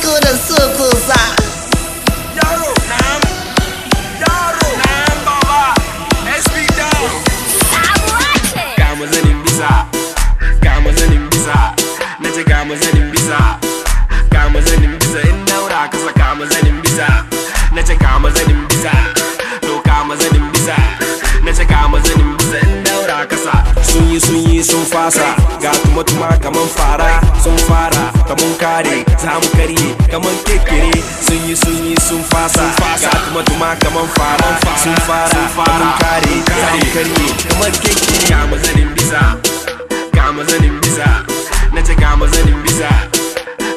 fito da sokosa yaro na'am yaro na'am baba sb down ga mazanin bisa ga mazanin bisa nace ga mazanin bisa ga mazanin bisa in daura ka saka mazanin bisa nace ga mazanin bisa doka mazanin bisa nace ga mazanin bisa in daura kasa sun yi sun yi sun fasa ma kaman fara sun fara kaman kare za mu kare kaman kekere sun yi sun yi sun fasa ga tuma tuma kaman fara sun fara kaman kare za mu kare kaman kekere ga mazanin bisa ga mazanin bisa na ce ga mazanin bisa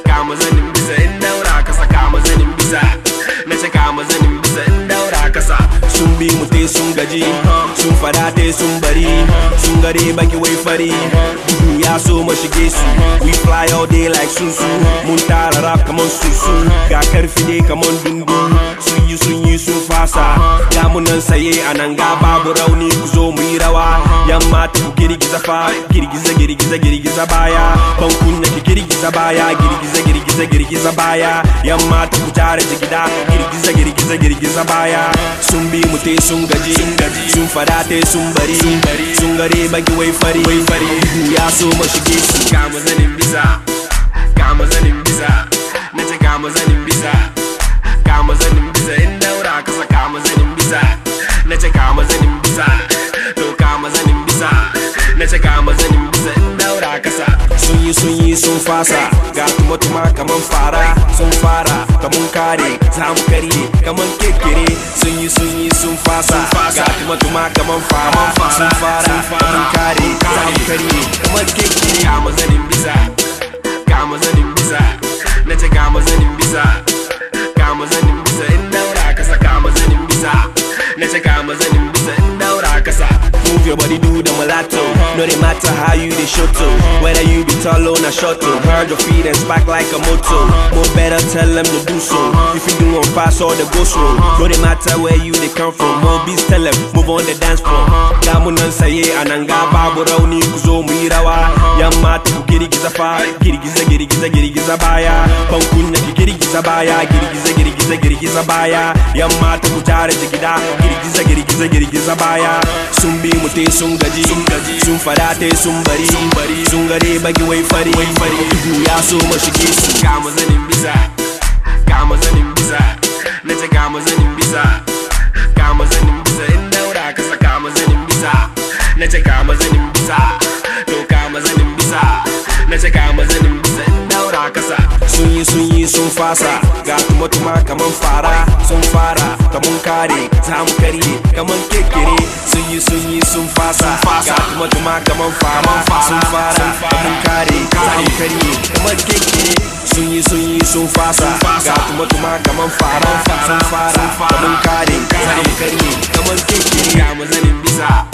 ga mazanin bisa in daura ka ga mazanin bisa na ce ga mazanin bisa in daura kasa. sun bi mu te sun gaji sun fada te sun bari sun gare baki wai fari got so much against you. We fly all day like Susu. Mun tara rap kaman susu. Ga karfi ne kaman Dungu. Sun you, sun you, sun fasa. Ga nan saye a nan ga babu rauni kuzo zo mu yi rawa. Yamma ta ku girgiza fa. Girgiza girgiza girgiza baya. Bankun na ki girgiza baya. Girgiza girgiza girgiza baya. Yamma ta ku tare da gida. Girgiza girgiza girgiza baya. Sun bi mu te sun gaji. Sun fada te sun bari. gangare baki wai fari wai fari ya so mu shige shi ga mu zanin biza ga mu zanin biza na ce ga mu zanin biza ga mu zanin biza in daura ka saka mu zanin biza na ce ga mu zanin biza to ga zanin biza na ce ga mu zanin biza in daura ka sa sun yi sun yi sun fasa ga kuma ma kaman fara sun fara kaman kare za mu kare kaman kekere sun yi sun yi sun fasa ga tuma tuma kaman fara sun fara kaman kare za mu kare kaman kekere ga mazanin bisa ga mazanin bisa na ce ga mazanin bisa ga mazanin bisa in daura kasa ga mazanin bisa na ce ga mazanin bisa in daura kasa move your body do the mulatto No, they matter how you they show to. Whether you be tall or not short to. Heard your feet and spark like a moto. More better tell them to do so. If you do on fast or the ghost road. No, they matter where you they come from. More beats tell them, move on the dance floor. Gamunan saye anangaba babura uni kuzo muirawa. Yamata girgiza fa girgiza girgiza girgiza baya ban ne girgiza baya girgiza girgiza girgiza baya yamma ta ku tare ta gida girgiza girgiza girgiza baya sun bi mu te sun gaji sun fara te sun bari sun gare bagi wai fari fari ya so ma shige su ga zanin biza ga zanin biza na ta ga zanin biza kasa ga kuma tuma kaman fara sun fara kaman kare za mu karye kaman kekere sun yi sun yi sun fasa ga kuma tuma kaman fara sun fara kaman kare za mu karye kaman kekere sun yi sun yi sun fasa ga kuma tuma kaman fara sun fara kaman kare za mu karye kaman kekere ga mazanin bisa